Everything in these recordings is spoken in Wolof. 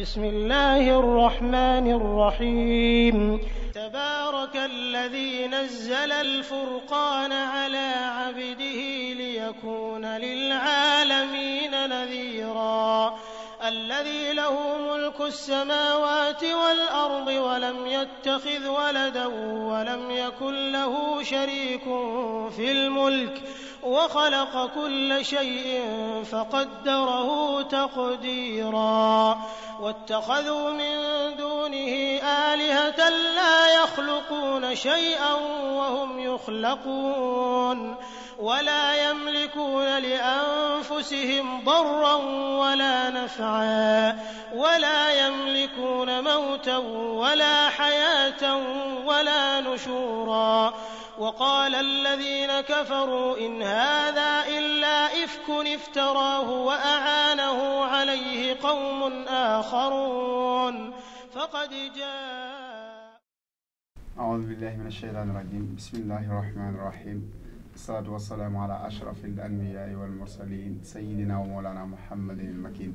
بسم الله الرحمن الرحيم تبارك الذي نزل الفرقان على عبده ليكون للعالمين نذيرا الذي له ملك السماوات والارض ولم يتخذ ولدا ولم يكن له شريك في الملك وخلق كل شيء فقدره تقديرا واتخذوا من دونه آلهة لا يخلقون شيئا وهم يخلقون ولا يملكون لأنفسهم ضرا ولا نفعا ولا يملكون موتا ولا حياة ولا نشورا وقال الذين كفروا إن هذا إلا إفك افتراه وأعانه عليه قوم آخرون فقد جاء أعوذ بالله من الشيطان الرجيم بسم الله الرحمن الرحيم salaatu wasalaamu ala ashrafi al anbiyaa'i wal mursalin sayidina wa moolana muhammadin al makin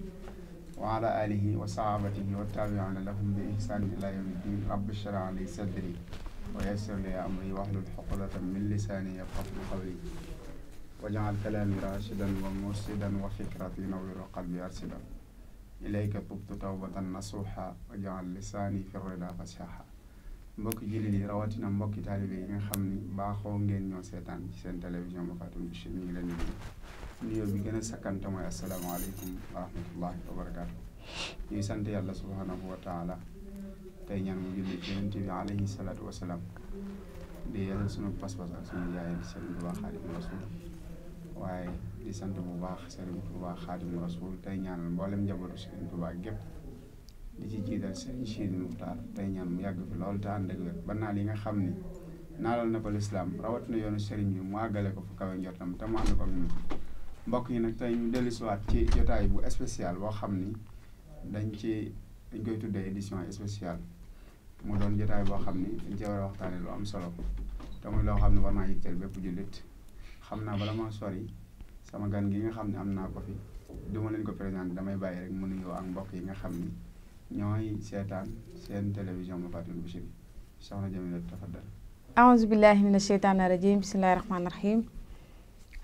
wa ala alihi wa sahabatihi wa taabiina lahum bi ihsaan ila yawmi ddin rabbi shrah li sadri wa yassir li amri wahlul uqdatan min lisaani yafqahu qawli waj'al kalaami raashidan wa mursidan wa fikrati nawwir wa qalbi arsidan ilayka tubtu tawbatan nasuha waj'al lisaani fi rida fasiha mbokki jullit yi rawatina mbokki taalibe yi nga xam ni baaxoo ngeen ñoo seetaan ci seen télévision ba Fatou Bichri ñu ngi leen di bi gën a sakkante mooy asalaamaaleykum wa rahmatullahi wa barakaatu ñuy sant yàlla subhanahu wa taala tey ñaan mu julli ci yonent bi alayhi salaatu di yàlla sunu pas-pas ak sunu jaay di di sant bu baax Sëriñ Tuubaa Xaadimu Rasuul tey ñaanal mboolem njabootu Sëriñ Tuubaa gépp di ci jiital sëriñ Sidi Muxtaar tey ñaan yàgg fi loolu te ànd ak wér ba naal yi nga xam ni naalal na ko lislaam rawatina yoonu sëriñ bi mu àggale ko fu kawe njortam te mu ànd ko ñun mbokk yi nag tey ñu dellusiwaat ci jotaay bu spécial boo xam ni dañ ci dañ koy tuddee édition spéciale mu doon jotaay boo xam ni dañ cee war a waxtaanee lu am solo ko te muy loo xam ne war naa yitteel bépp jullit xam naa bala ma sori sama gan gi nga xam ne am naa ko fi duma leen ko présenté damay bàyyi rek mu nuyoo ak mbokk yi nga xam ni. ñooy seetaan seen télévision Mafaatihul Bichri soxna Jamila tafaddal aouzu billahi min asheytaani rajim bismillahi rahmaani rahim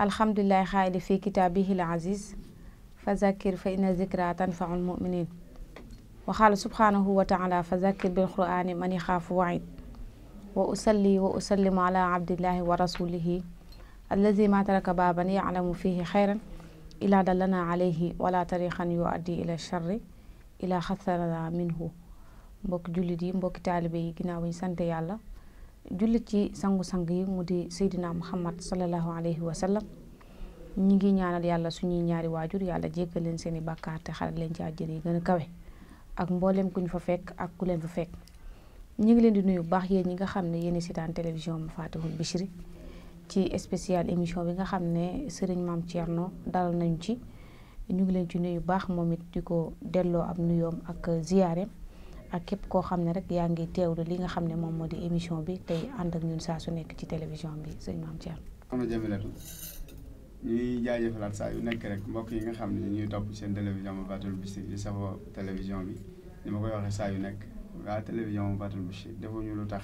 alhamdulilahi xaayli fi kitaabihi l aziz fa zakir fa inna zikra tanfaul muminin waxaala subhaanahu wa taala fa zakir bil qurani man yaxaafu waid wa usalli wa usallimu ala abdillahi wa rasulihi allazi ma taraka baaban yaclamu fihi xayran ilaa dallana alayhi wala tariqan yuaddi ila charri ilaa xasarana minhu mbokki jullit yi mbokki taalibe yi ginnaaw bañ sant yàlla jullit ci sangu-sang yi mu di seydina muhammad salallahu alayhi wa sallam ñi ngi ñaanal yàlla suñuy ñaari waajur yàlla jéggal leen seen i bàkkaar te xaral leen ci àjjana yi gën a kawe ak mbooleem ku ñu fa fekk ak ku leen fa fekk ñi ngi leen di nuyu bu baax yéen ñi nga xam ne yéen seetaan télévision Mafatihul Bichri ci spécial émission bi nga xam ne sëriñ maam Thierno dalal nañu ci ñu ngi leen ci nuyu baax moom it di ko delloo ab nuyoom ak ziyaare ak képp koo xam ne rek yaa ngi teewlu li nga xam ne moom moo di émission bi tey ànd ak ñun saa su nekk ci télévision bi sëñ Mame Thierno. am na jëmilatu ñuy jaajëfalaat saa yu nekk rek mbokk yi nga xam ne ñuy topp seen télévision bu Fatul télévision bi ni ma koy waxee saa yu nekk waa télévision bu Fatul Bichri defuñu lu tax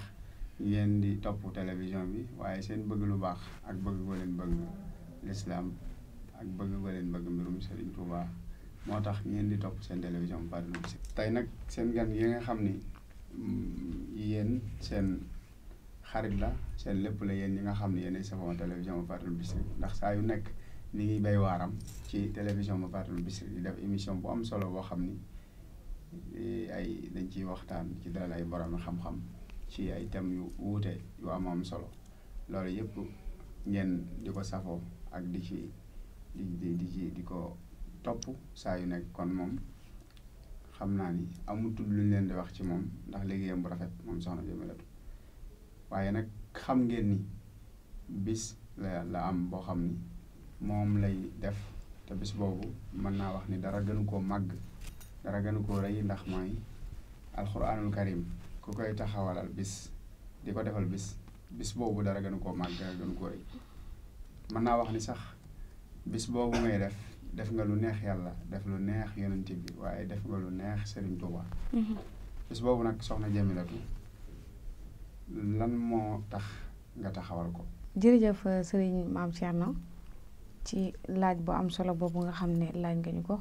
ngeen di topp télévision bi waaye seen bëgg lu baax ak bëgg boo leen bëgg l'islam ak bëgg nga leen bëgg mbirum Serigne Touba moo tax ngeen di topp seen télévision Fadilou Bichri tey nag seen gan yi nga xam ni mm, yéen seen xarit la seen lépp la yéen ñi nga xam ne yéenay safoo télévision Fadilou Bichri ndax saa yu nekk ni ngi bay waaram ci télévision ba Fadilou Bichri di def émission bu am solo boo xam ni eh, ay dañ ciy waxtaan ci dalal ay borom xam ci ay thèmes yu wuute yu am am solo loolu yëpp ngeen di ko safoo ak di ci di di di di ko topp saa yu nekk kon moom xam naa ni amutul lu ñu leen di wax ci moom ndax liggéeyam bu rafet moom soxna Jëmelatu waaye nag xam ngeen ni bis la am boo xam ni moom lay def te bis boobu mën naa wax ni dara gënu koo màgg dara gënu koo rëy ndax mooy alxuraanul karim ku koy taxawalal bis di ko defal bis bis boobu dara gënu koo màgg dara gënu koo rëy mën naa wax ni sax bis boobu ngay def def nga lu neex yàlla def lu neex yonent bi waaye def nga lu neex Serigne Touba. Mhm. bis boobu nag soxna Jamilatu lan moo tax nga taxawal ko. jërëjëf euh, Serigne maam na ci laaj bu am solo boobu nga xam ne laaj nga ñu ko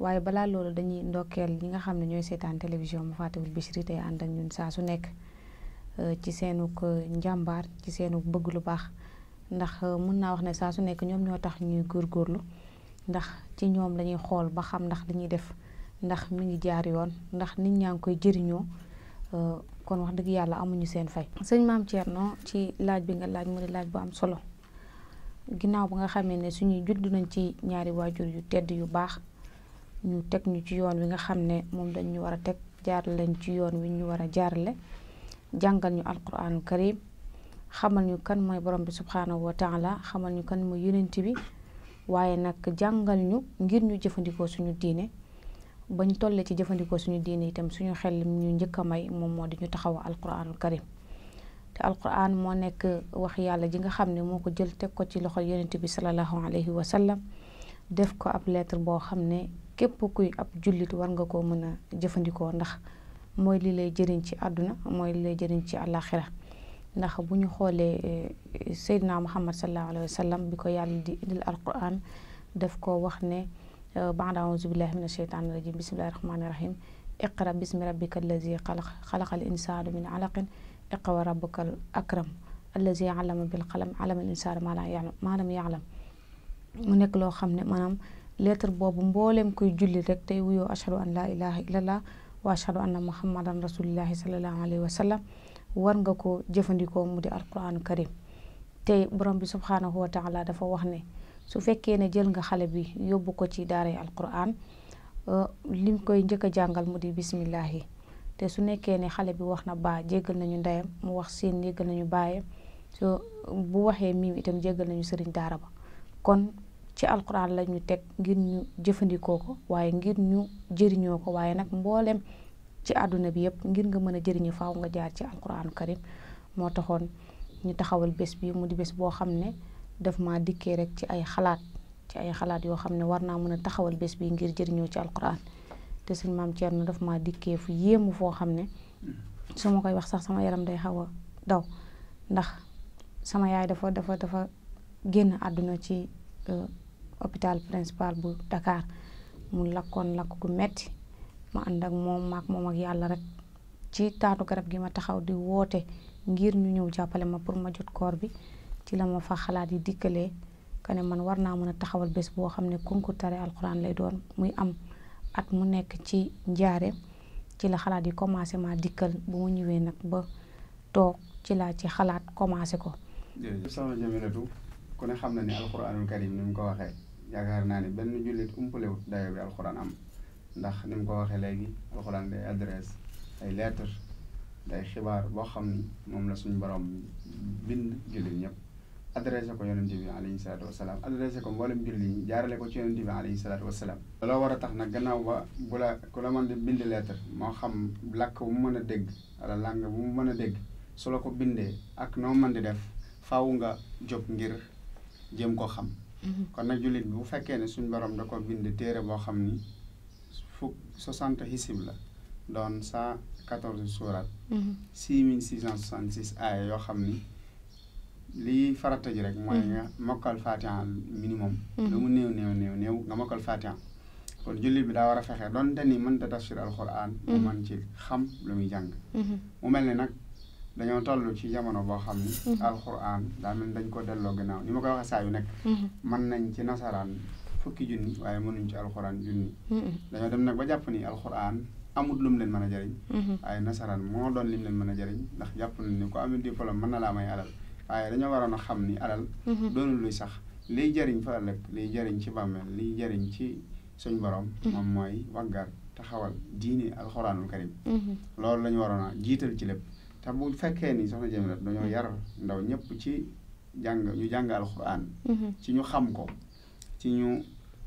waaye balaa loolu dañuy ndokkeel ñi nga xam ne ñooy seetaan télévision mu fàttewul Bichri tey ànd ak ñun saa su nekk euh, ci seenug euh, njàmbaar ci seenug bëgg lu baax. ndax euh, mun naa wax ne saa su nekk ñoom ñoo tax ñuy góor góorlu ndax ci ñoom lañuy xool ba xam ndax li ñuy def ndax mu ngi jaar yoon ndax nit ñaa ngi koy jëriñoo euh, kon wax dëgg yàlla amuñu seen fay. sëñ maam noo ci laaj bi nga laaj mu di laaj bu am solo ginnaaw ba nga xamee ne suñuy judd nañ ci ñaari waajur yu tedd yu baax ñu teg ñu ci yoon wi nga xam ne moom dañ ñu war a teg jaar lañ ci yoon wi ñu war a jaarale jàngal ñu alquraanul karim xamal ñu kan mooy borom bi subxanahu wa taala xamal ñu kan mooy yonent bi waaye nag jàngal ñu ngir ñu jëfandikoo suñu diine bañ tollee ci jëfandikoo suñu diine itam suñu xel ñu njëkk a may moom moo di ñu taxaw alquraanul karim te alquraan moo nekk wax yàlla ji nga xam ne moo ko jël teg ko ci loxol yonent bi sallallahu alayhi wa sallam def ko ab lettre boo xam ne képp kuy ab jullit war nga koo mën a jëfandikoo ndax mooy li lay jëriñ ci àdduna mooy li jëriñ ci àllaaxira ndax bu ñu xoolee eh, Seydina Muhammad sallallahu alayhi wa sallam bi ko yàlla di indil alquran daf ko wax ne eh, baada auzu billahi min asheytaani rajim bismillahi rahmaani rahim iqra bismi rabbika allazi xalaq xalaqal insaana min alaqin iqra rabbukal akram allazi allama bil qalam allama al insaana maa lam ya'lam maa lam ya'lam mu nekk loo xam ne maanaam lettre boobu mbooleem kuy julli rek tey wuyoo ashhadu an laa ilaha illallah wa ashhadu anna muhammadan rasulillahi sallallahu alayhi wa sallam war nga ko jëfandikoo mu di alquranu karim te borom bi subhaanahu wa taala dafa wax ne su fekkee ne jël nga xale bi yóbbu ko ci daara daaray alquran euh, lim koy njëkk a jàngal mu di bisimillahi te su nekkee ne xale bi wax na baa jéggal nañu ndeyam mu wax seen jéggal nañu baayam so bu waxee miim itam jéggal nañu sëriñ daara ba kon ci alquran la ñu teg ngir ñu jëfandikoo ko waaye ngir ñu jëriñoo ko waaye nag mbooleem ci àdduna bi yëpp ngir nga mën a jëriñu faaw nga jaar ci alquraan karim moo taxoon ñu taxawal bés bi mu di bés boo xam ne daf ma dikkee rek ci ay xalaat ci ay xalaat yoo xam ne war naa mën a taxawal bés bi ngir jëriñoo ci alquraan te suñ maam Thierno daf ma dikkee fu yéemu foo xam ne su ma koy wax sax sama yaram day xaw daw ndax sama yaay dafa dafa dafa génn àdduna ci euh, hôpital principal bu Dakar mu lakkoon lakk gu metti ma ànd ak moom maak moom ak yàlla rek ci taatu garab gi ma taxaw di woote ngir ñu ñëw jàppale ma pour ma jot koor bi ci la ma fa xalaat yi dikkalee kane man war naa mën a taxawal bés boo xam ne concours tari alxuraan lay doon muy am at mu nekk ci njaare ci la xalaat yi commencé dikkal bu mu ñëwee nag ba toog ci laa ci xalaat commencé ko. alxuraan am. ndax ni mu ko waxee léegi alxuraan day adresse ay lettre day xibaar boo xam ni moom la suñu borom bind jullit ñëpp adressé ko yonent bi alayhi salaatu wasalaam adressé ko mboolem jullit ñi jaarale ko ci yonent bi alayhi salaatu wasalaam looloo war a tax nag gannaaw ba bu la ku la mën di bind lettre moo xam lakk bu mu mën a dégg wala làng bu mu mën a dégg su la ko bindee ak noo man di def faw nga jóg ngir jëm ko xam mm-hmm. kon nag jullit bi bu fekkee ne suñu borom da ko bind téere boo xam ni soixante hisib la doon cent quatorze suuraat mhm. six mille six cent soixante six aaya yoo xam ni lii farata ji rek mooy mhm. nga mokkal fatiha minimum mhm. lu mu néew néew néew néew nga mokkal fatiha kon jullit bi daa war a fexe doonte ni mënta tafsir alquran mu mën ci xam lu muy jàng mu mel ne nag dañoo toll ci jamono boo xam ni alquran daa mel dañ ko delloo gannaaw ni ma koy waxee saa yu nekk mën nañ ci nasaraan fukki junni waaye mënuñ ci alxuraan junni dañoo dem nag ba jàpp ni alxuraan amut lum leen mën a jariñ mm-hmm. waaye nasaraan moo doon lim leen mën a jariñ ndax jàpp nañ ni ku amul diplôme mën na laa may alal waaye dañoo waroon a xam ni alal mm-hmm. doonul luy sax liy jariñ fa ëllëg liy jariñ ci bàmmeel liy jariñ ci suñ borom mm-hmm. moom mooy waggar taxawal diine alxuraanul karim loolu la ñu waroon a jiital ci lépp te bu fekkee ni soxna Jamilat dañoo yar ndaw ñëpp ci jàng ñu jàng alxuraan ci ñu xam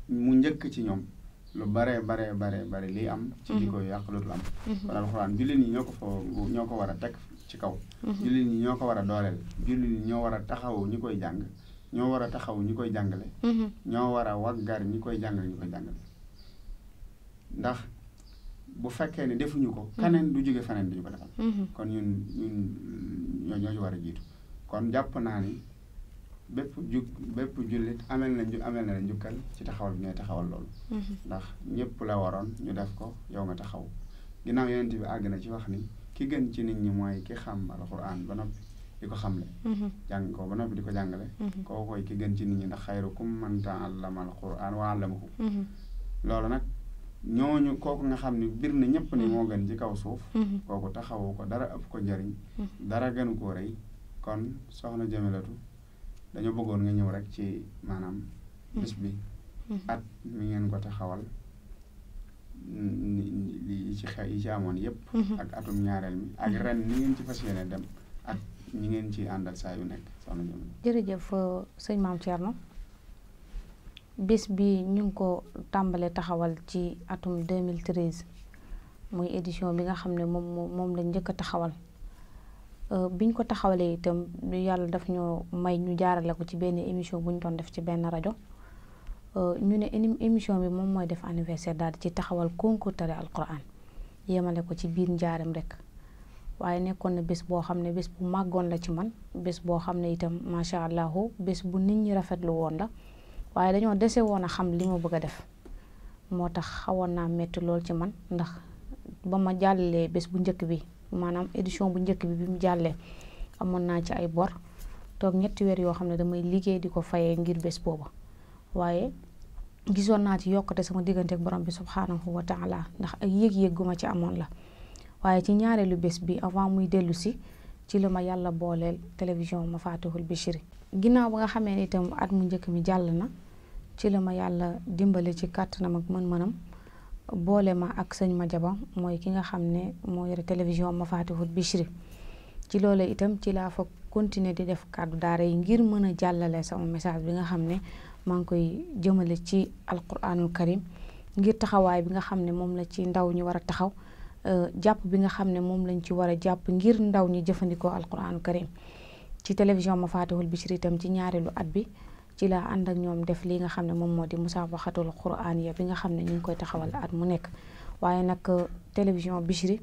mu njëkk ci ñoom lu bare bare bare bare li am ci jikko mhm. yu yàq dootul am kon mhm. alxuraan jullit ñi ñoo ko fa ñoo ko war a teg ci kaw mhm. jullit ñi ñoo ko war a dooleel jullit ñi ñoo war a taxaw ñi koy jàng ñoo war a taxaw ñi koy jàngale ñoo war a waggar ñi koy jàngale ñi koy jàngale ndax bu fekkee ne defuñu ko keneen du jóge feneen duñu ko defal kon ñun ñun ñoo ñoo ci war a jiitu kon jàpp naa ni bépp ju bépp jullit amel na ju amel na njukkal ci taxawal bi ngay taxawal loolu. Mhm. ndax ñëpp la waroon ñu def ko yow nga taxaw ginnaaw yonent bi àgg na ci wax ni ki gën ci nit ñi mooy ki xam alxuraan ba noppi di ko xamle. Mhm. jàng ko ba noppi di ko jàngale. Mhm. koo koy ci nit ñi ndax xayrukum man ta'allama alxuraan wa 'allamahu. loolu nag ñooñu kooku nga xam ni bir na ñëpp ni moo gën ci kaw suuf. kooku taxawu ko dara ëpp ko njëriñ. dara gënu koo rëy kon soxna Jamilatou dañoo bëggoon nga ñëw rek ci maanaam. Mm. bis bi. Mm-hmm. at mi ngeen ko taxawal li ci yi ci amoon yépp mm-hmm. ak atum ñaareel mi ak mm-hmm. ren ni ngeen ci fas yéene dem ak ñi ngeen ci àndal saa yu nekk soxna Jami. jërëjëf euh, sëñ maam Thierno bis bi ñu ngi ko tàmbalee taxawal ci atum 2013 muy édition bi nga xam ne moom moom lañ njëkk a taxawal. Euh, bi ñu ko taxawalee itam yàlla daf ñoo may ñu jaarale ko ci benn émission bu ñu doon def ci benn rajo euh, ñu ne émission bi moom mooy def anniversaire daal di ci taxawal concours tari alquran yemale ko ci biir njaaram rek waaye nekkoon na bés boo xam ne bés bu màggoon la ci man bés boo xam ne itam macha allah bés bu nit ñi rafetlu woon la waaye dañoo dese woon a xam li ma bëgg a def moo tax xawoon naa metti lool ci man ndax ba ma jàllalee bés bu njëkk bi. maanaam édition bu njëkk bi bi mu jàllee amoon naa ci ay bor toog ñetti weer yoo xam ne damay liggéey di ko fayee ngir bés booba waaye gisoon naa ci yokkute sama diggante ak borom bi subhaanahu wa taala ndax ay yëg-yëg gu ma ci amoon la waaye ci ñaareelu bés bi avant muy dellu si ci la ma yàlla booleel télévision ma faatihul bichiri ginnaaw ba nga xamee ni itam at mu njëkk mi jàll na ci la ma yàlla dimbale ci kàttanam ak mën-mënam boole ma ak sëñ ma Madiaba mooy ki nga xam ne moo yore télévision Mafatihul Bichri ci loolu itam ci laa fa continuer di def kàddu daara yi ngir mën a jàllale sama message bi nga xam ne maa ngi koy jëmale ci alquranul karim ngir taxawaay bi nga xam ne moom la ci ndaw ñi war a taxaw euh, jàpp bi nga xam ne moom lañ ci war a jàpp ngir ndaw ñi jëfandikoo alquranul karim ci télévision Mafatihul Bichri itam ci ñaareelu at bi ci laa ànd ak ñoom def li nga xam ne moom moo di musaabaxatul quraan ya bi nga xam ne ñu koy taxawal at mu nekk waaye nag euh, télévision Bichri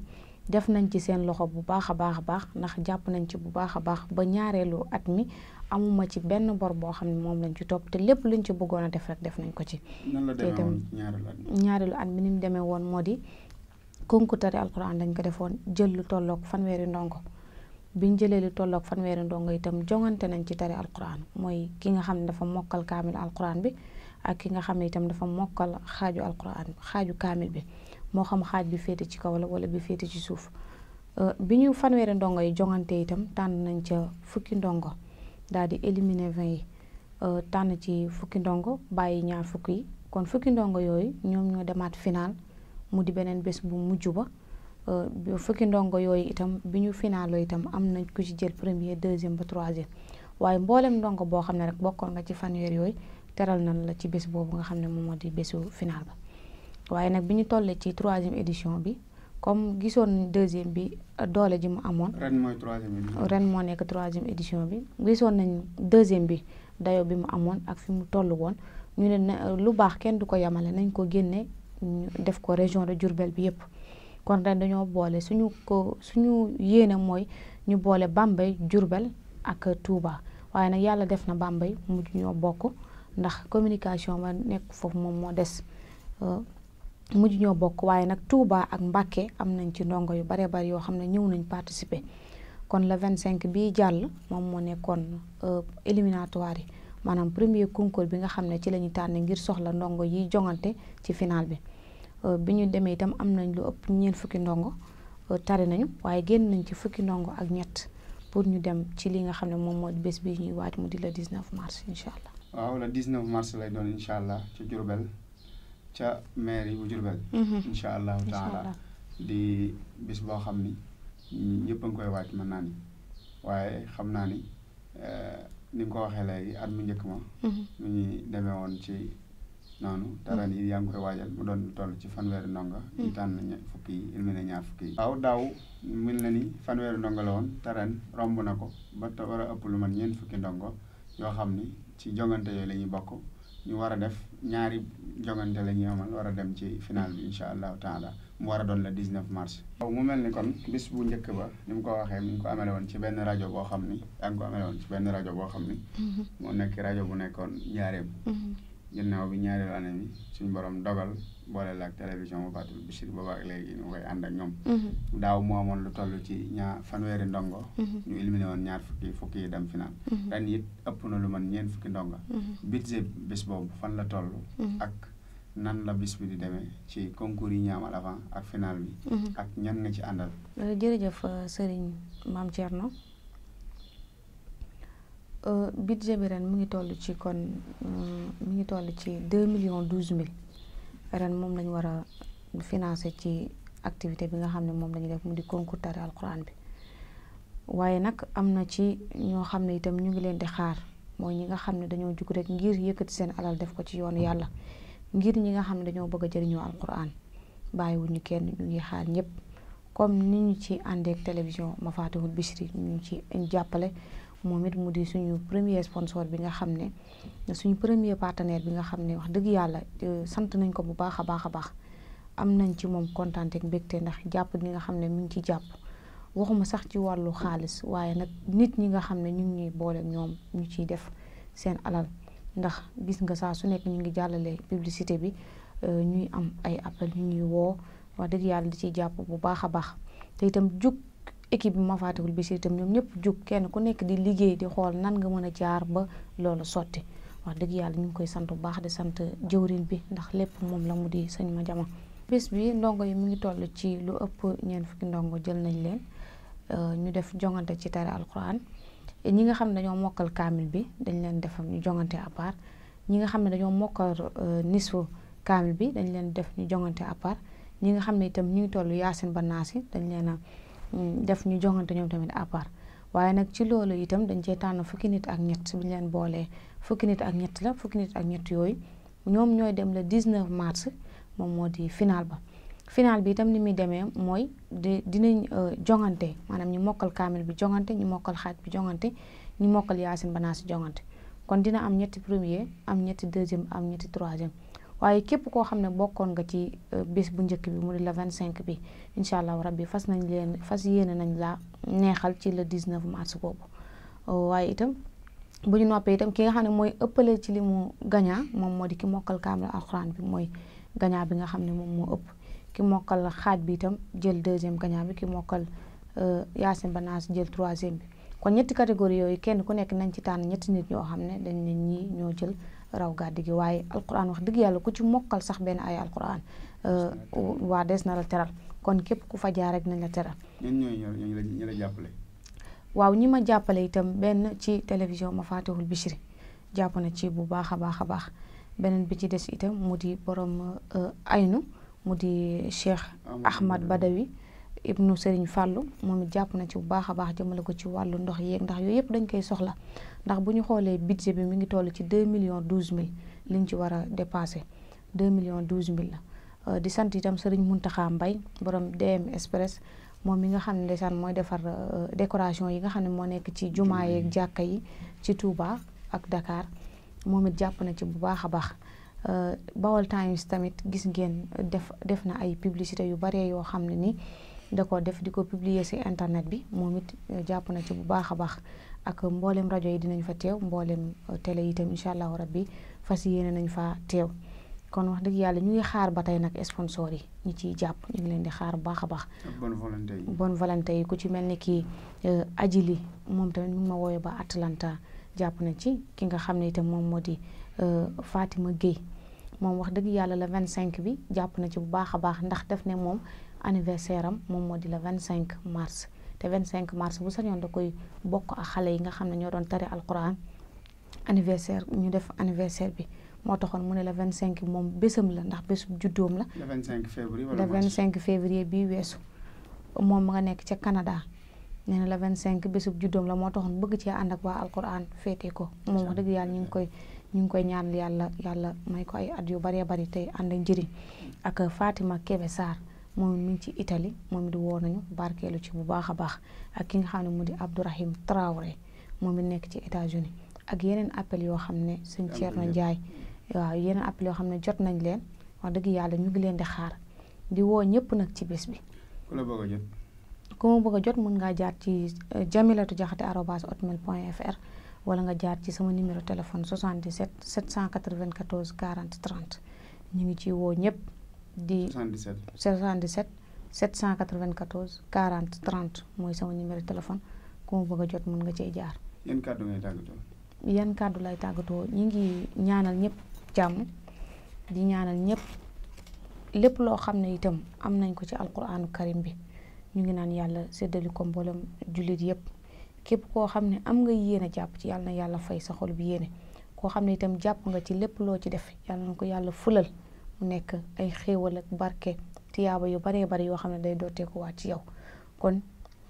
def nañ ci seen loxo bu baax a baax a baax ndax jàpp nañ ci bu baax a baax ba ñaareelu at mi amuma ci benn bor boo xam ne moom lañ ci topp te lépp luñ ci bëggoon a def rek def nañ ko ci. te itam ñaareelu at mi ni mu demee woon moo di konku tari alquran dañ ko defoon jël lu tolloog fanweeri ndongo. biñ jëlee lu tollook fanweeri ndongo itam jongante nañ ci tari alquran mooy ki nga xam ne dafa mokkal kaamil alquran bi ak ki nga xam ne itam dafa mokkal xaaju alquran xaaju kaamil bi moo xam xaaj bi féete ci kaw la wala bi féete ci suuf bi ñu fanweeri ndongo yi jongante itam tànn nañ ca fukki ndongo daal di éliminer vingt yi tànn ci fukki ndongo bàyyi ñaar fukki yi kon fukki ndongo yooyu ñoom ñoo demaat final mu di beneen bés bu mujj ba Euh, fukki ndongo yooyu itam bi ñu finaaloo itam am nañ ku ci jël premier deuxième ba troisième waaye mboolem ndongo boo xam ne rek bokkoon nga ci fanweer yooyu teral nañ la ci bés boobu nga xam ne moom moo di bésu final ba waaye nag bi ñu tollee ci troisième édition bi comme gisoon deuxième bi doole ji mu amoon. ren moo nekk troisième édition bi gisoon nañ deuxième bi dayo bi mu amoon ak fi mu toll woon ñu ne lu baax kenn du ko yamale nañ ko génne def ko région de Diourbel bi yëpp. kon ren dañoo boole suñu ko suñu yéene mooy ñu boole Bambey Diourbel ak Touba waaye nag yàlla def na Bambey mujj ñoo bokk ndax communication ba nekk foofu moom moo des euh, mujj ñoo bokk waaye nag Touba ak Mbacké am nañ ci ndongo yu baree bari yoo xam ne ñëw nañ participer kon la vingt cinq bii jàll moom moo nekkoon euh, éliminatoire yi maanaam premier concours bi nga xam ne ci la ñu tànn ngir soxla ndongo yi jongante ci final bi. Euh, bi ñu demee itam am nañ lu ëpp ñeen fukki ndongo euh, tari nañu waaye génn nañ ci fukki ndongo ak ñett pour ñu dem ci li nga xam ne moom mooy bés bi ñuy waaj mu di le 19 mars incha allah. waaw le 19 mars lay doon incha allah ci Diourbel ca maire yi bu Diourbel. Mhm. incha allahu boo xam ni ñëpp a ngi koy waaj mën naa ni waaye xam naa ni euh, ni nga ko waxee léegi at mu njëkk ma. mu mhm. ñu demee woon ci. noonu daraan mm. yi yaa ngi koy waajal mu doon toll ci fanweeri ndongo ñu mm. tànn fukki yi ilmine ñaar fukki yi waaw daaw mel na ni fanweeri ndongo la woon taren romb na ko ba te war a ëpp lu man ñeent fukki ndongo yoo xam ni ci jongante yooyu la ñuy bokk ñu war a def ñaari jongante la ñuy amal war a dem ci final bi incha allahu taala mu war a doon la 19 mars waaw mu mel ni kon bis bu njëkk ba ñu mu ko waxee mu ngi ko amele woon ci benn rajo boo xam ni yaa ngi ko amele woon ci benn rajo boo xam ni mm-hmm. moo nekk rajo bu nekkoon njaareem mm-hmm. ginnaaw bi ñaareelu année bi suñu boroom dogal boole la ak télévision bu Fatul Bichri booba ak léegi ñu koy ànd ñoom. Mhm. daaw moo amoon lu toll ci ñaar fanweeri ndongo. Mhm. ñu éliminé woon ñaar fukki fukki yi dem final. Mhm. ren it ëpp na lu man ñeent fukki ndongo. budget bis boobu fan la toll. ak nan la bis bi di demee ci concours yi ñu amal avant ak final bi. ak ñan nga ci àndal. jërëjëf euh, Serigne Mame na Euh, budget bi ren mu ngi toll ci kon euh, mu ngi toll ci deux millions douze mille ren moom lañ war a financer ci activité bi nga xam ne moom lañu def mu di concours tari alquran bi waaye nag am na ci ñoo xam ne itam ñu ngi leen di xaar mooy ñi nga xam ne dañoo jug rek ngir yëkkati seen alal def ko ci yoon yàlla ngir ñi nga xam ne dañoo bëgg a jëriñoo alquran bàyyiwuñu kenn ñu ngi xaar ñëpp comme ni ñu ci àndeek télévision Mafatihul Bichri ñu ci jàppale moom it mu di suñu premier sponsor bi nga xam ne suñu premier partenaire bi nga xam ne wax dëgg yàlla euh, sant nañ ko bu baax a baax a baax am nañ ci moom kontaan ak mbégte ndax jàpp gi nga xam ne mu ngi ci jàpp waxuma sax ci wàllu xaalis waaye nag nit ñi nga xam ne ñu ngi ñuy boole ñoom ñu ciy def seen alal ndax gis nga saa su nekk ñu ngi jàllale publicité bi euh, ñuy am ay appel ñu ñuy woo wax dëgg yàlla di ciy jàpp bu baax a baax te itam jug équipe bi Mafatihul Bichri itam ñoom ñëpp jug kenn ku nekk di liggéey di xool nan nga mën a jaar ba loolu sotti wax dëgg yàlla ñu ngi koy sant bu baax di sant jëwrin bi ndax lépp moom la mu di sëñ ma jama bés bi ndongo yi mu ngi toll ci lu ëpp ñeen fukki ndongo jël nañ leen euh, ñu def jongante ci tari alquran ñi nga xam ne dañoo mokkal kaamil bi dañ leen def ñu jongante à part ñi nga xam ne dañoo mokkal euh, nisfu kaamil bi dañ leen def ñu jongante à part ñi nga xam ne itam ñu ngi toll yaasin ba naasi dañ leen a def ñu joŋante ñoom tamit à part waaye nag ci loolu itam dañ cee tànn fukki nit ak ñett bu ñu leen boolee fukki nit ak ñett la fukki nit ak ñett yooyu ñoom ñooy dem le 19 mars moom moo di final ba final bi itam ni muy demee mooy di dinañ euh, joŋante maanaam ñu mokkal kaamil bi joŋante ñu mokkal xaaj bi joŋante ñu mokkal yaasin banaa si joŋante kon dina am ñetti premier am ñetti deuxième am ñetti troisième waaye képp koo xam ne bokkoon nga ci euh, bis bu njëkk bi mu di la cinq bi incha allah rabbi fas nañ leen fas yéene nañ la neexal ci dix 19 mars boobu euh, waaye itam bu ñu noppee itam ki nga xam ne mooy ëppale ci li mu gañaa moom moo di ki mokkal kaamil alxuraan bi mooy gañaa bi xam ne moom moo ëpp ki mokkal xaaj bi itam jël deuxième gañaa bi ki mokkal yaa euh, yaasin banaas jël troisième bi kon ñetti catégorie yooyu kenn ku nekk nañ ci tànn ñetti nit ñoo xam ne dañ ne ñi ñoo jël raw gàddi gi waaye alquran wax dëgg yàlla ku ci mokkal sax benn ay alquran euh, waa des na la teral kon képp ku fa jaar rek nañ la teral. waaw ñi ma jàppale itam benn ci télévision ma faatihul Bichri jàpp na ci bu baax a baax a baax beneen bi ci des itam mu di borom euh, aynu mu di Cheikh Ahmad Badawi ibnu Serigne Fàllu moom it jàpp na ci bu baax a baax jëmale ko ci wàllu ndox yeeg ndax yooyu yëpp dañ koy soxla ndax bu ñu xoolee budget bi mi ngi toll ci deux millions douze li liñ ci war a dépensé deux millions douze mille la euh, di sant itam sëriñ Muntaxa Mbay borom DM Express moom mi nga xam ne ndeysaan mooy defar euh, décoration yi nga xam ne moo nekk ci jumaa yeeg jàkka yi ci Touba ak dakaar moom jàpp na ci bu baax a baax euh, Bawol Times tamit gis ngeen def def na ay publicité yu bare yoo xam ne ni da ko def di ko publier ci internet bi moom it jàpp na ci bu baax a baax ak mboolem rajo yi dinañ fa teew mboolem euh, télé yi itam incha allahu rabbi fas yéene nañ fa teew kon wax dëgg yàlla ñu ngi xaar ba tey nag sponsor yi ñu ciy jàpp ñu ngi leen di xaar bu baax a baax. bon volonté yi ku ci mel ni kii euh, ajili moom tamit mu ma woowee ba Atlanta jàpp na ci ki nga xam ne itam moom moo di euh, Fatima Gueye moom wax dëgg yàlla la vingt cinq bi jàpp na ci bu baax a baax ndax def ne moom anniversaire am moom moo di la cinq mars. te 25 mars bu sañoon da koy bokk a xale yi nga xam ne ñoo doon tari al alquran anniversaire ñu def anniversaire bi moo taxoon mu ne la 25 moom bésam la ndax bésub juddoom la. le 25 février wala weesu moom nga nekk ca Canada. nee na la 25 bésub juddoom la moo taxoon bëgg cee ànd ak waa alquran féete ko moom wax dëgg yàlla ñu ngi koy ñu ngi koy ñaan yàlla yàlla may ko ay at yu baree bari tey ànd njëriñ ak faatima Kébé Sarr. moom mi ngi ci Italie moom di woo nañu barkeelu ci bu baax a baax ak ki nga xam ne mu di Abdourahim Traoré moom it nekk ci États-Unis ak yeneen appel yoo xam ne suñ Thierno Ndiaye waaw yeneen appel yoo xam ne jot nañ leen wax dëgg yàlla ñu ngi leen di xaar di woo ñëpp nag ci bis bi. ku bëgg a jot. ma bëgg jot mën ngaa jaar ci euh, jamilatu jaxate arobase hotmail point fr wala nga jaar ci sama numéro téléphone 77 794 40 30 ñu ngi ci woo ñëpp. di 77 77 794 40 30 mooy sama numéro téléphone ku bëgg a jot mën nga cee jaar. yan kàddu yan kàddu lay tàggatoo ñu ngi ñaanal ñëpp jàmm di ñaanal ñëpp lépp loo xam ne itam am nañ ko ci alquraanu karim bi ñu ngi naan yàlla séddali ko mboolem jullit yëpp képp koo xam ne am nga yéene jàpp ci yàlla na yàlla fay sa xol bi yéene koo xam ne itam jàpp nga ci lépp loo ci def yàlla na ko yàlla fulal. mu nekk ay xéewal ak barke tiyaaba yu baree bari yoo xam ne day dooteekuwaat ci yow kon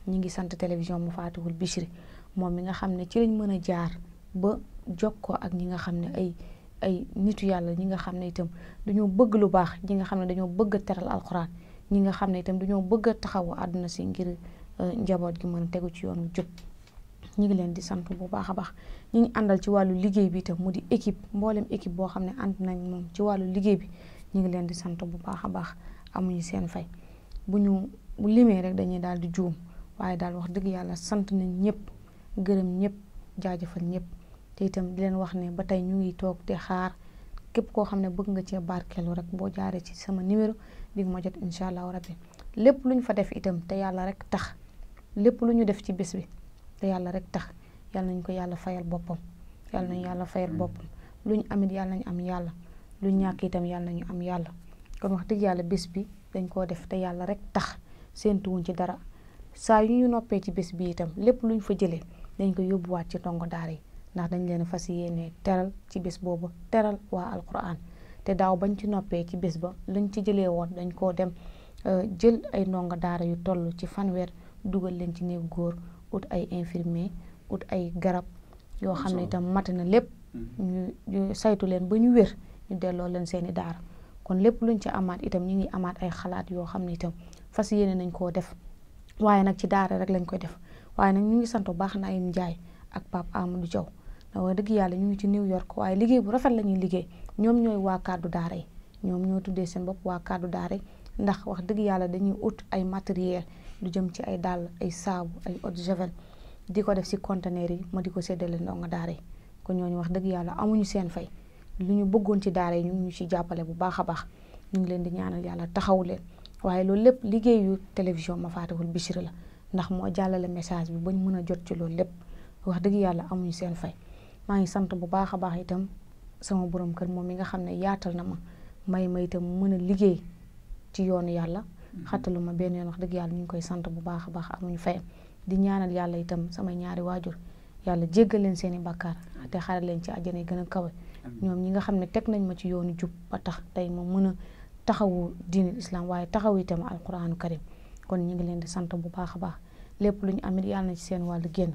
ñi ngi sant télévision mu faatuwul Bichri moom mi nga xam ne ci lañ mën a jaar ba jokkoo ak ñi nga xam ne ay ay nitu yàlla ñi nga xam ne itam dañoo bëgg lu baax ñi nga xam ne dañoo bëgg a teral alxuraan ñi nga xam ne itam dañoo bëgg a taxawu àdduna si ngir e, njaboot gi mën a tegu ci yoonu jub ñu ngi leen di sant bu baax a baax ñu ngi àndal ci wàllu liggéey bi itam mu di équipe mboolem équipe boo xam ne ànd nañ ci wàllu liggéey bi ñu ngi leen di sant bu baax a baax amuñu seen fay bu ñu bu limee rek dañuy daal di juum waaye daal wax dëgg yàlla sant nañ ñëpp gërëm ñëpp jaajëfal ñëpp te itam di leen wax ne ba tey ñu ngi toog di xaar képp koo xam ne bëgg nga cee barkeelu rek boo jaaree ci sama numéro di nga ma jot incha allah rabbi lépp lu ñu fa def itam te yàlla rek tax lépp lu ñu def ci bis bi te yàlla rek tax yàlla nañ ko yàlla fayal boppam yàlla nañ yàlla fayal boppam lu ñu lu ñàkk itam yàlla nañu am yàlla kon wax dëgg yàlla bés bi dañ koo def te yàlla rek tax séentuwuñ ci dara saa yu ñu noppee ci bés bi itam lépp luñ fa jëlee dañ ko yóbbuwaat ci ndongo daara yi ndax dañ leen fas yéene teral ci bés boobu teral waa alquran te daaw bañ ci noppee ci bés ba lañ ci jëlee woon dañ koo dem euh, jël ay ndongo daara yu toll ci fanweer dugal leen ci néeg góor ut ay infirmier ut ay garab yoo xam ne itam mat na lépp mm-hmm. ñu saytu leen ba ñu wér ñu delloo leen seeni daara kon lépp luñ ci amaat itam ñu ngi amaat ay xalaat yoo xam ne itam fas yéene nañ koo def waaye nag ci daara rek lañ koy def waaye nag ñu ngi sant bu baax Naim Ndiaye ak am du jaw ndax wax dëgg yàlla ñu ngi ci New York waaye liggéey bu rafet la ñuy ñoom ñooy waa yi ñoom ñoo tuddee seen waa kàddu daara ndax wax dëgg yàlla dañuy ut ay matériel du jëm ci ay dàll ay saabu ay eau javel di ko def si conteneur yi ma di ko séddale ndongo daara yi kon ñooñu wax dëgg yàlla amuñu seen fay lu ñu bëggoon ci daara yi ñu ngi ñu ci jàppale bu baax a baax ñu ngi leen di ñaanal yàlla taxawu leen waaye loolu lépp liggéeyu télévision ma faatihul Bichri la ndax moo jàllale message bi bañ mën a jot ci loolu lépp wax dëgg yàlla amuñ seen fay maa ngi sant bu baax a baax itam sama borom kër moom mi nga xam ne yaatal na ma may ma itam mu mën a liggéey ci yoon yàlla mm-hmm. xattalu ma benn wax dëgg yàlla ñu ngi koy sant bu baax a baax amuñu fayam di ñaanal yàlla itam samay ñaari waajur yàlla jéggal leen seen i bàkkaar te leen ci àjjana yi gën a kawe ñoom ñi nga xam ne teg nañ ma ci yoonu jub ba tax tey ma mën a taxawu diinul islam waaye taxaw itam alquraanu karim kon ñu ngi leen di sant bu baax a baax lépp lu ñu amit yàlla na ci seen wàllu génn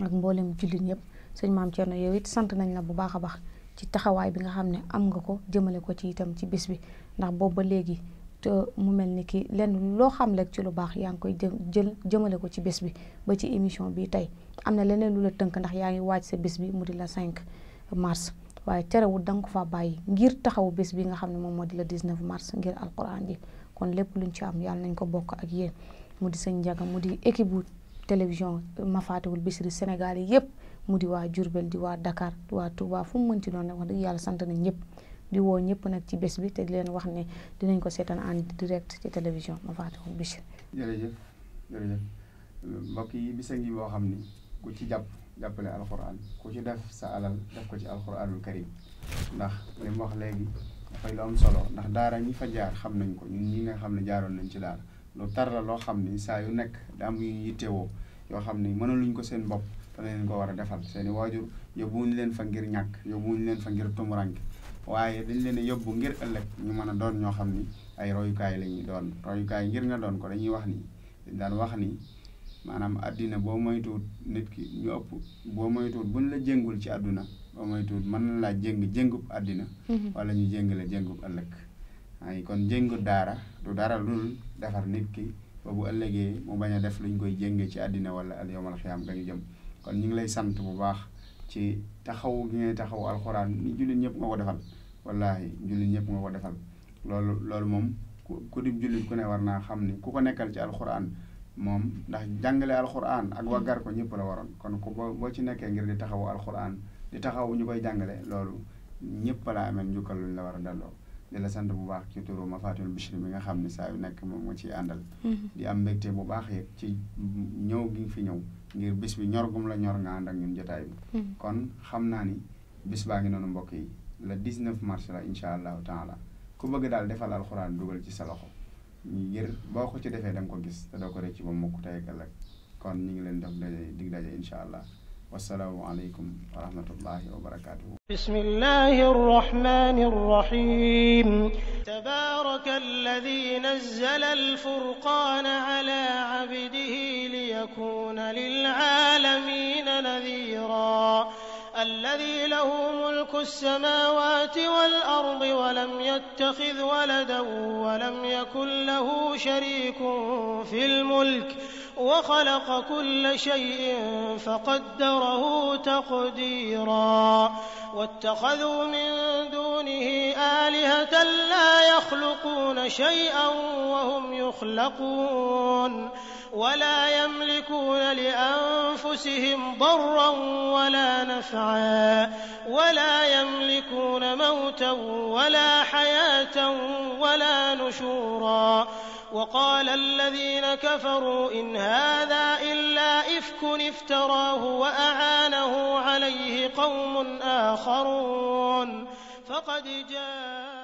ak mboolem jullit ñëpp sëñ maam na yow it sant nañ la bu baax a baax ci taxawaay bi nga xam ne am nga ko jëmale ko ci itam ci bis bi ndax boobu ba léegi te mu mel ni ki lenn loo xam rek ci lu baax yaa ngi koy jël jëmale ko ci bis bi ba ci émission bi tey am na leneen lu tënk ndax yaa ngi waaj sa bis bi mu di la 5 waaye terewul da nga ko fa bàyyi ngir taxawu bés bi nga xam ne moom moo di la le 19 mars ngir alquran ji kon lépp luñ ci am yàlla nañ ko bokk ak yéen mu di sëñ Njaga mu di équipe bu télévision Mafatihul Bichri Sénégal yi yëpp mu di waa Diourbel di waa waa Touba fu mu mënti doon ne wax dëgg yàlla sant nañ ñëpp di woo ñëpp nag ci bés bi te di leen wax ne dinañ ko seetaan en direct ci télévision Mafatihul Bichri. jërëjëf jërëjëf mbokk yi bisa ngi boo xam ni ku ci jàpp. jàppale alxuraan ku ci def sa alal def ko ci alxuraanul karim ndax li mu wax léegi dafay lu solo ndax daara ñi fa jaar xam nañ ko ñun ñi nga xam ne jaaroon nañ ci daara lu tar la loo xam ni saa yu nekk da am yu yittewoo yoo xam ni mënaluñ ko seen bopp te leen ko war a defal seen i waajur yóbbuwuñ leen fa ngir ñàkk ñu leen fa ngir tumuranke waaye dañ leen a yóbbu ngir ëllëg ñu mën a doon ñoo xam ni ay royukaay la ñuy doon royukaay ngir nga doon ko dañuy wax ni daan wax ni maanaam àddina boo moytuwut nit ki ñu ëpp boo moytuwut buñ la jëngul ci àdduna boo moytuwut mën na laa jëng jëngub àddina mhm. wala ñu jëng la jëngub ëllëg ay kon jëngu daara du dara lul defar nit ki ba bu ëllëgee mu bañ a def luñ koy jëngee ci àddina wala al yawmal xiyaam ga ñu jëm kon ñu ngi lay sant bu baax ci taxaw gi ngay taxaw alxuraan ni jullit ñëpp nga ko defal wallaahi jullit ñëpp nga ko defal loolu loolu moom ku dib jullit ku ne war naa xam ni ku ko nekkal ci alxuraan moom ndax jàngale alxuraan ak mm-hmm. waggar ko ñëpp la waroon kon ku boo boo ci nekkee ngir di taxawu alxuraan di taxawu ñu koy jàngale loolu ñëpp la amee njukkal ñu la war a delloo di la sant bu baax ci turu Mafatul Bichri mi nga xam ne saa yu nekk moom nga ciy àndal. Mm-hmm. di am mbégte bu baax yëg ci ñëw gi nga fi ñëw ngir bis bi ñor gum la ñor nga ànd ak ñun jotaay bi. Mm-hmm. kon xam naa ni bis baa ngi noonu mbokk yi le 19 mars la incha allahu taala ku bëgg daal defal alxuraan dugal ci sa loxo. ngir boo ko ci defee da nga ko gis te doo ko rëcc ba mukk tey ak ëllëg kon ñu ngi leen def daje dig daje incha allah wasalaamu aleykum wa rahmatullahi wa barakaatuhu bismillahi arrahmani arrahim tabaraka alladi nazzala alfurqana ala abdihi liyakuna lilaalamina nadira الذي له ملك السماوات والأرض ولم يتخذ ولدا ولم يكن له شريك في الملك وخلق كل شيء فقدره تقديرا واتخذوا من دونه آلهة لا يخلقون شيئا وهم يخلقون ولا يملكون لأنفسهم ضرا ولا نفعا ولا يملكون موتا ولا حياة ولا نشورا وقال الذين كفروا إن هذا إلا إفك افتراه وأعانه عليه قوم آخرون فقد جاء